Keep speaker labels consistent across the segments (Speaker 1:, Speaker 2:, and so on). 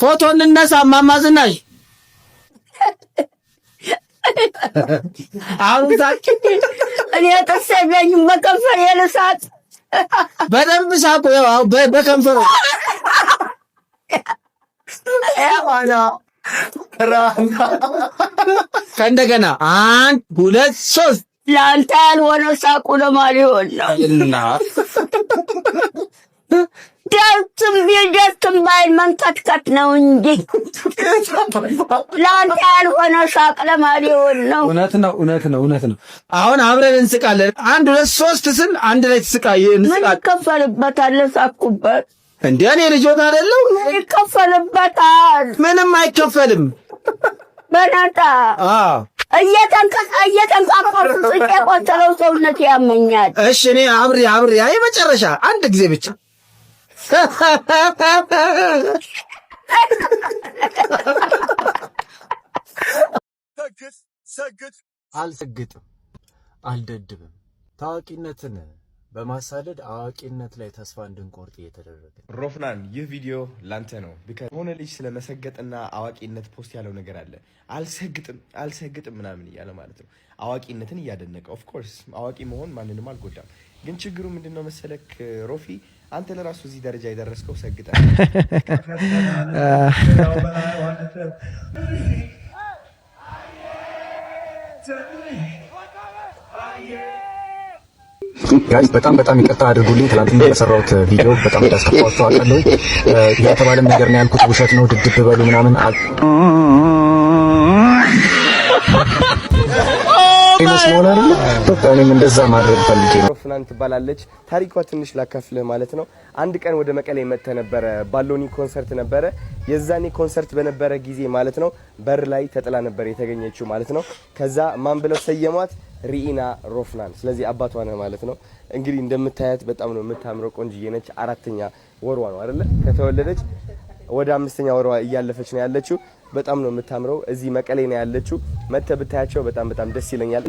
Speaker 1: ፎቶ እንነሳ እማማ አሁን ሳቂ።
Speaker 2: እኔ ጥርስ የለኝም በከንፈር የልሳት
Speaker 1: በደንብ ሳቁ። ያው በከንፈር ከእንደገና አንድ ሁለት ሶስት
Speaker 2: ለአንተ ያልሆነ ሳቁ ለማን ይሆን ነው? ደስም ደስም ባይል መንቀጥቀጥ ነው እንጂ ለአንተ ያልሆነ ሳቅ ለማሊሆን ነው።
Speaker 1: እውነት ነው፣ እውነት ነው፣ እውነት ነው። አሁን አብረን እንስቃለን። አንድ ሁለት ሶስት ስል አንድ ላይ ትስቃ
Speaker 2: ምን ይከፈልበታል? ሳቅኩበት
Speaker 1: እንደ እኔ ልጆት አደለው።
Speaker 2: ምን ይከፈልበታል?
Speaker 1: ምንም አይከፈልም።
Speaker 2: በናታ እየተንቀሳቀሱ ጽቄ ቆሰለው ሰውነት ያመኛል።
Speaker 1: እሺ እኔ አብሬ አብሬ አይ መጨረሻ አንድ ጊዜ ብቻ አልሰግጥም፣ አልደድብም። ታዋቂነትን በማሳደድ አዋቂነት ላይ ተስፋ እንድንቆርጥ እየተደረገ ሮፍናን፣ ይህ ቪዲዮ ላንተ ነው። የሆነ ልጅ ስለመሰገጥና አዋቂነት ፖስት ያለው ነገር አለ። አልሰግጥም አልሰግጥም ምናምን እያለ ማለት ነው። አዋቂነትን እያደነቀ ኦፍኮርስ አዋቂ መሆን ማንንም አልጎዳም። ግን ችግሩ ምንድን መሰለክ ሮፊ አንተ ለራሱ እዚህ ደረጃ የደረስከው ሰግጠን በጣም በጣም ይቅርታ አድርጉልኝ። ትላንት በሰራሁት ቪዲዮ በጣም እንዳስከፋችሁ አውቃለሁ። የተባለም ነገር ነው ያልኩት ውሸት ነው፣ ድድብ በሉ ምናምን oh ስለሆነ አይደለ በቃ እኔም እንደዛ ማድረግ ፈልጌ ፍናን ትባላለች። ታሪኳ ትንሽ ላካፍልህ ማለት ነው። አንድ ቀን ወደ መቀሌ መጥተ ነበረ። ባሎኒ ኮንሰርት ነበረ። የዛኔ ኮንሰርት በነበረ ጊዜ ማለት ነው በር ላይ ተጥላ ነበር የተገኘችው ማለት ነው። ከዛ ማን ብለው ሰየሟት? ሪኢና ሮፍናን። ስለዚህ አባቷ ነህ ማለት ነው። እንግዲህ እንደምታያት በጣም ነው የምታምረው። ቆንጅዬ ነች። አራተኛ ወርዋ ነው አይደለ? ከተወለደች ወደ አምስተኛ ወርዋ እያለፈች ነው ያለችው። በጣም ነው የምታምረው። እዚህ መቀሌ ነው ያለችው። መተ ብታያቸው በጣም በጣም ደስ ይለኛል።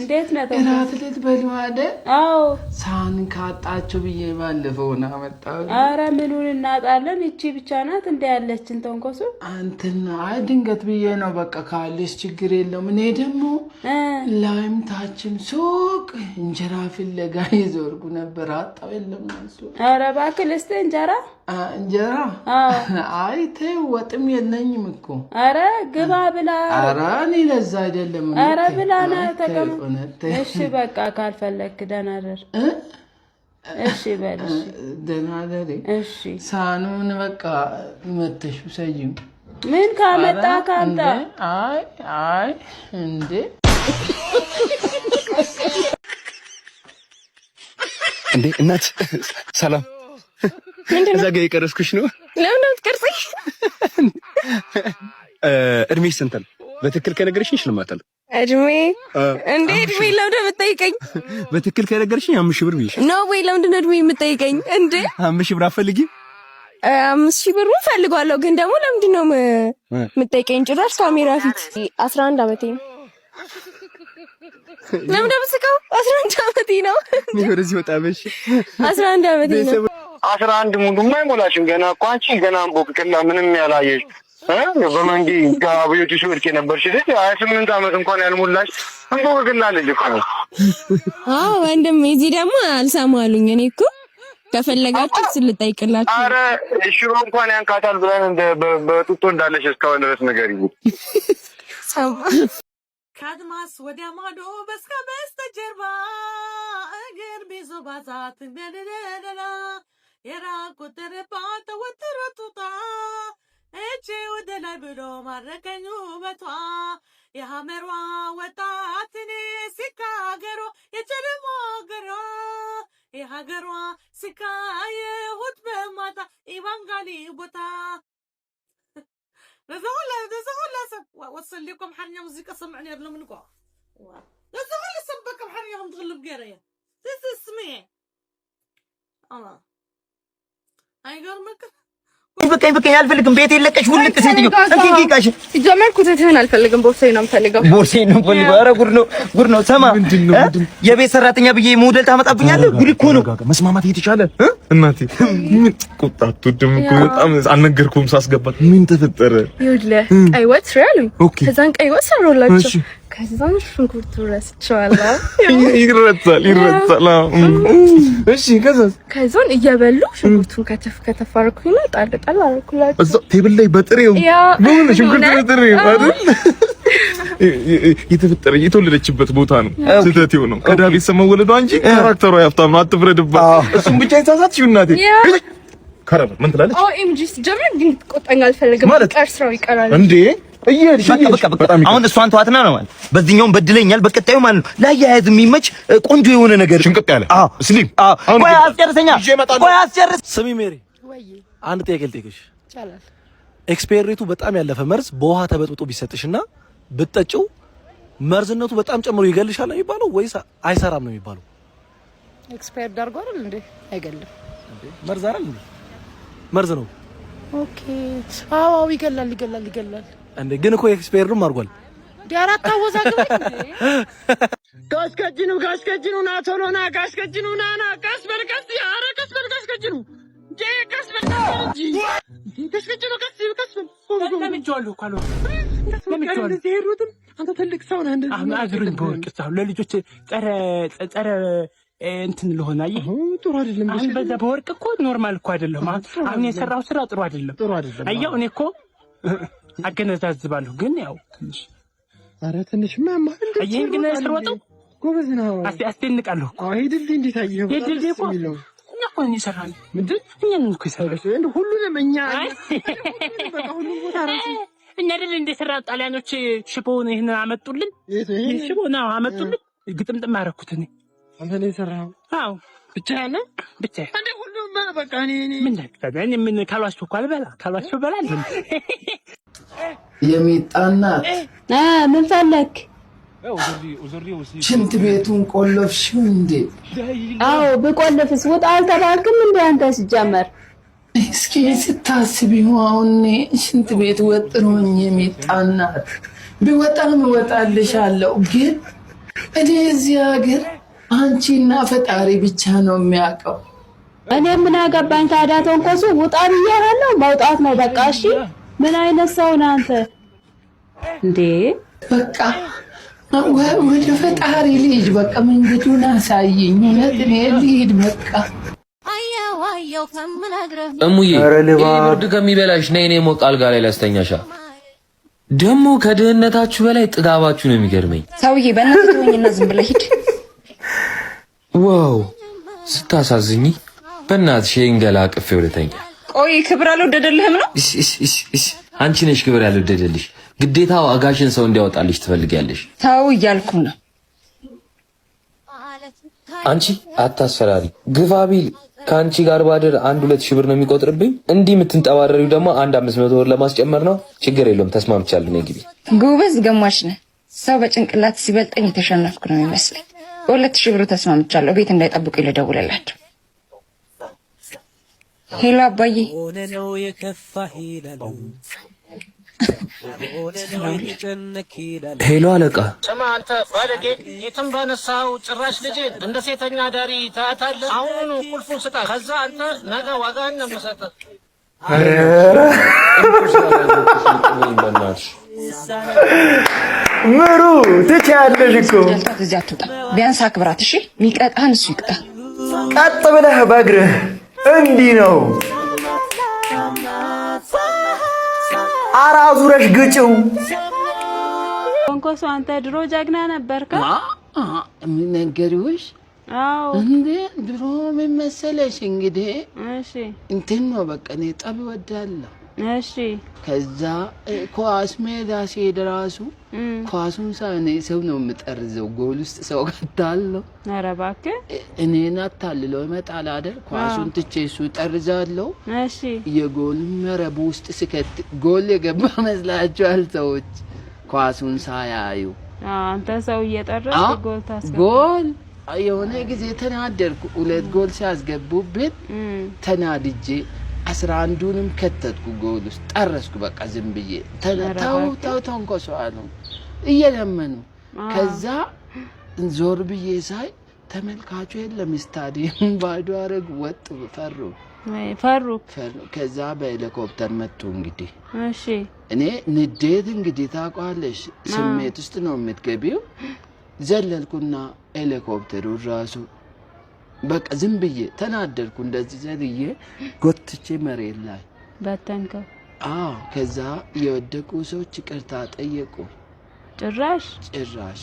Speaker 2: እንዴት ነው
Speaker 3: ትልት በሊዋደ አዎ፣ ሳህን ካጣችሁ ብዬ ባለፈው ና መጣ።
Speaker 2: አረ ምኑን እናጣለን? እቺ ብቻ ናት እንደ ያለችን ተንኮሱ
Speaker 3: አንትና አይ ድንገት ብዬ ነው በቃ ካለች ችግር የለውም። እኔ ደግሞ ላይም ታችም ሱቅ እንጀራ ፍለጋ የዞርኩ ነበር፣ አጣው የለም እሱ።
Speaker 2: አረ እባክህ ልስጥ እንጀራ
Speaker 3: እንጀራ አይ ተይው፣ ወጥም የለኝም እኮ
Speaker 2: አረ ግባ ብላ
Speaker 3: አረ እንደዛ አይደለም።
Speaker 2: ኧረ ብላና እሺ፣ በቃ ካልፈለክ ደህና ደር እሺ በል
Speaker 3: ደህና ደር። እሺ ሳኑን በቃ መተሽ ውሰጂው።
Speaker 2: ምን ካመጣ ካምጣ።
Speaker 3: አይ አይ እንዴ
Speaker 1: እንዴ! እናት ሰላም፣ እዛ ጋ የቀረስኩሽ ነው።
Speaker 2: ለምን አትቀርጽሽ?
Speaker 1: እድሜሽ ስንት ነው? በትክክል ከነገርሽኝ ሽልማት አለ።
Speaker 2: እድሜ እንዴ እድሜ ለምንድን ነው የምጠይቀኝ?
Speaker 1: በትክክል ከነገርሽኝ አምስት ሺህ ብር ብዬሽ
Speaker 2: ነው ወይ? ለምንድን ነው እድሜ የምጠይቀኝ? እንዴ
Speaker 1: አምስት ሺህ ብር አትፈልጊም?
Speaker 2: አምስት ሺህ ብሩን ፈልጓለሁ፣ ግን ደግሞ ለምንድን ነው የምጠይቀኝ? ጭራሽ ካሜራ ፊት አስራ አንድ አመቴ ነው። ለምን ደምስቀው? አስራ አንድ አመቴ ነው።
Speaker 1: ወደዚህ ወጣ በሽ
Speaker 2: አስራ አንድ አመቴ ነው።
Speaker 1: አስራ አንድ ሙሉማ ገና እኮ አንቺ ገና እንቦቅቅላ ምንም ያላየሽ በመንጌ ከአብዮቹ ሲወድቅ የነበርሽ ልጅ ሀያ ስምንት ዓመት እንኳን ያልሞላሽ እንቦቅቅላ ልጅ እኮ ነው።
Speaker 2: አዎ ወንድም፣ እዚህ ደግሞ አልሰማሉኝ። እኔ እኮ ከፈለጋችሁ ስልጠይቅላችሁ፣
Speaker 1: አረ ሽሮ እንኳን ያንካታል ብለን በጡጦ እንዳለሽ እስካሁን ድረስ ነገር ይ
Speaker 2: ከአድማስ ወዲያ ማዶ በስከ በስተጀርባ እግር ቢዞ ባዛት የራቁ ትርባተ بلو مرك نوبتا يا همروا وطاتني سكا غرو يا جلمو غرو
Speaker 1: يا هغروا سكا يهود بمتا إيوان غالي بتا نزغول نزغول سب وصل لكم حنيا مزيكا سمعني غير منكم نزغول بكم حنيا هم تغلب قرايا تسمعي الله هاي غير منكم በቃኝ በቃኝ፣ አልፈልግም። ቤት የለቀሽ ውልቅ ሴትዮ እንኪ ቃሽ
Speaker 2: ሲጀመር ኩትትህን አልፈልግም። ቦርሳዬ ነው የምፈልገው፣
Speaker 1: ቦርሳዬ ነው የምፈልገው። ኧረ ጉድ ነው ጉድ ነው። ሰማ የቤት ሰራተኛ ብዬ ሞዴል ታመጣብኛለህ? ጉድ እኮ ነው። መስማማት እየተቻለ እናቴ ምን ቁጣ አትወድም እኮ በጣም አልነገርኩም። ሳስገባት ምን ተፈጠረ?
Speaker 2: ይኸውልህ ቀይ ወጥ ስራ አሉኝ። ከዛን ቀይ ወጥ ሰራሁላቸው ከዛም ሽንኩርቱ ይረሳል
Speaker 1: ይረሳል። እሺ
Speaker 2: ከዛን እየበሉ ሽንኩርቱን ከተፍ ከተፍ አደረኩኝና ጣል ጣል አደረኩላቸው
Speaker 1: ቴብል ላይ በጥሬው ምን ሽንኩርቱ በጥሬው አይደል? የተፈጠረ የተወለደችበት ቦታ ነው። ስህተት ነው ቤተሰብ መወለዷ እንጂ ካራክተሯ ያፍታም ነው። አትፍረድባት። እሱም ብቻ እናቴ ከረበ ምን ትላለች?
Speaker 2: ኦ ኤም ጂ ግን ትቆጣኝ አልፈልግም። ቀር ስራው ይቀራል
Speaker 1: እንዴ አሁን እሷን ተዋትና ነው ማለት በዚህኛውም በድለኛል። በቀጣዩ ማለት ነው ለአያያዝ የሚመች ቆንጆ የሆነ ነገር ሽንቅጥ ያለ ስሊም ቆይ አስጨርሰኛ፣ ቆይ አስጨርስ። ስሚ ሜሪ፣ አንድ ጥያቄ ልጠይቅሽ። ኤክስፔሪቱ በጣም ያለፈ መርዝ በውሃ ተበጥብጦ ቢሰጥሽና ብትጠጪው መርዝነቱ በጣም ጨምሮ ይገልሻል ነው የሚባለው ወይስ አይሰራም ነው የሚባለው?
Speaker 2: ኤክስፓየር ዳርጎ አይደል እንዴ? አይገልም
Speaker 1: መርዝ አይደል እንዴ? መርዝ ነው።
Speaker 2: ኦኬ። አዎ ይገላል፣ ይገላል፣ ይገላል
Speaker 1: እንዴ ግን እኮ ኤክስፓየርም አድርጓል።
Speaker 2: ዳራት ታወዛግብ
Speaker 1: ጋሽ ከጅኑ ጋሽ ከጅኑ ና ቶሎ ና ጋሽ ና ና ቀስ በል ቀስ ኧረ ቀስ በል ጋሽ ከጅኑ እንጂ ቀስ በል ጋሽ ከጅኑ ቀስ ቀስ በል
Speaker 2: ለምጄዋለሁ እኮ እንደዚህ
Speaker 1: ሄዱትም አንተ ትልቅ ሰው ነህ። እንደዚህ አዝሩኝ በወርቅ ሳሁ ለልጆች ጸረ ጸረ እንትን ለሆነ አየህ ጥሩ አይደለም። አሁን በዛ በወርቅ እኮ ኖርማል እኮ አይደለም። አሁን የሰራው ስራ ጥሩ አይደለም። ጥሩ አይደለም። አየሁ እኔ እኮ አገነዛዝባለሁ። ግን ያው ትንሽ ኧረ ትንሽ ይህን ግን ስርወጠው ጎበዝ ነው። አስደንቃለሁ።
Speaker 2: ሄድልህ እንዴት አየኸው?
Speaker 1: ሄድልህ እኮ እኛ እኮ ነን የሰራን። ምንድን እኛን እኮ
Speaker 2: የሰራን ሁሉንም እኛ
Speaker 1: ሁሉም ቦታ ራሱ እኛ አይደል እንደሰራ ጣሊያኖች ሽቦውን ይህን አመጡልን። ሽቦ ነው አመጡልን። ግጥምጥም አደረኩት እኔ
Speaker 2: አንተ ነው የሰራኸው? አዎ ብቻ ነው ብቻ በቃ
Speaker 1: ምን ካሏቸው እኮ አልበላ ካሏቸው በላ
Speaker 3: የሚጣናት
Speaker 2: ምን ፈለክ?
Speaker 3: ሽንት ቤቱን ቆለፍሽው እንዴ?
Speaker 2: አዎ ብቆለፍስ ውጣ አልተባልክም እንደ አንተ ሲጀመር
Speaker 3: እስኪ ስታስቢው አሁን ሽንት ቤት ወጥሮኝ የሚጣናት ብወጣም እወጣልሻለሁ ግን እኔ እዚህ ሀገር አንቺና ፈጣሪ ብቻ ነው የሚያውቀው።
Speaker 2: እኔ ምን አገባኝ ታዲያ? ተንኮሱ ውጣ ብያለሁ፣ መውጣት ነው በቃ። እሺ ምን አይነት ሰው ነህ አንተ እንዴ?
Speaker 3: በቃ ወደ ፈጣሪ ልጅ በቃ መንገዱን አሳየኝ። እውነት እኔ ልሂድ በቃ።
Speaker 1: እሙዬ
Speaker 2: ብርድ
Speaker 1: ከሚበላሽ ነይ፣ እኔ ሞቅ አልጋ ላይ ላስተኛሻ። ደግሞ ከድህነታችሁ በላይ ጥጋባችሁ ነው የሚገርመኝ።
Speaker 2: ሰውዬ በእናትህ ተወኝና ዝም ብለህ ሂድ።
Speaker 1: ዋው ስታሳዝኝ በእናትሽ ይሄን ገላ አቅፌ ወደተኛ።
Speaker 2: ቆይ ክብር አልወደደልህም ነው?
Speaker 1: አንቺ ነሽ ክብር ያልወደደልሽ። ግዴታ ዋጋሽን ሰው እንዲያወጣልሽ ትፈልጊያለሽ።
Speaker 2: ተው እያልኩ ነው።
Speaker 1: አንቺ አታስፈራሪ። ግፋ ቢል ከአንቺ ጋር ባደር አንድ ሁለት ሺህ ብር ነው የሚቆጥርብኝ። እንዲህ የምትንጠባረሪው ደግሞ አንድ አምስት መቶ ብር ለማስጨመር ነው። ችግር የለውም ተስማምቻለሁ። ነይ ግቢ።
Speaker 2: ጎበዝ ገማሽ ነህ። ሰው በጭንቅላት ሲበልጠኝ የተሸነፍኩ ነው የሚመስለኝ። በሁለት ሺህ ብሩ ተስማምቻለሁ። ቤት እንዳይጠብቁ ይልደውልላቸው ሄሎ አባዬ
Speaker 1: ሄሎ አለቃ ስማ አንተ ባለጌ የትም ባነሳው ጭራሽ ልጅ እንደ ሴተኛ አዳሪ ታያታለህ አሁን ቁልፉን ስጣ ከዛ አንተ ነገ ዋጋህን ነው ምሩ ትቻለሽ እኮ
Speaker 2: ቢያንስ አክብራት እሺ የሚቀጣህን እሱ ይቅጣ
Speaker 1: ቀጥ ብለህ በእግርህ እንዲህ ነው። ኧረ አዙረሽ ግጭው።
Speaker 2: ኮንኮሶ አንተ ድሮ ጀግና ነበርክ።
Speaker 3: ነገሪዎች እንዴ ድሮ ምን መሰለሽ እንግዲህ እንትን ነው በቃ እኔ ጠብ እወዳለሁ እሺ ከዛ ኳስ ሜዳ ሲሄድ ራሱ ኳሱን ሳኔ ሰው ነው የምጠርዘው። ጎል ውስጥ ሰው ገታለሁ።
Speaker 2: ኧረ እባክህ
Speaker 3: እኔን አታልለው ይመጣል አይደል? ኳሱን ትቼ እሱ ጠርዛለሁ። እሺ የጎል መረብ ውስጥ ስከት ጎል የገባ መስላችኋል ሰዎች ኳሱን ሳያዩ።
Speaker 2: አንተ ሰው እየጠረዝክ
Speaker 3: ጎል ታስገባ ጎል የሆነ ጊዜ ተናደርኩ። ሁለት ጎል ሲያስገቡብን ተናድጄ አስራ አንዱንም ከተትኩ ጎል ውስጥ ጠረስኩ። በቃ ዝም ብዬ ተው ተው ተንኮሷ እየለመኑ ከዛ ዞር ብዬ ሳይ ተመልካቹ የለም። ስታዲየም ባዶ አረግ ወጡ። ፈሩ ፈሩ ፈሩ። ከዛ በሄሊኮፕተር መጡ። እንግዲህ እሺ፣ እኔ ንዴት እንግዲህ ታውቋለሽ፣ ስሜት ውስጥ ነው የምትገቢው። ዘለልኩና ሄሊኮፕተሩ ራሱ ዝም ብዬ ተናደድኩ። እንደዚህ ዘልዬ ጎትቼ መሬት ላይ በተንከው። አዎ፣ ከዛ የወደቁ ሰዎች ይቅርታ ጠየቁ። ጭራሽ ጭራሽ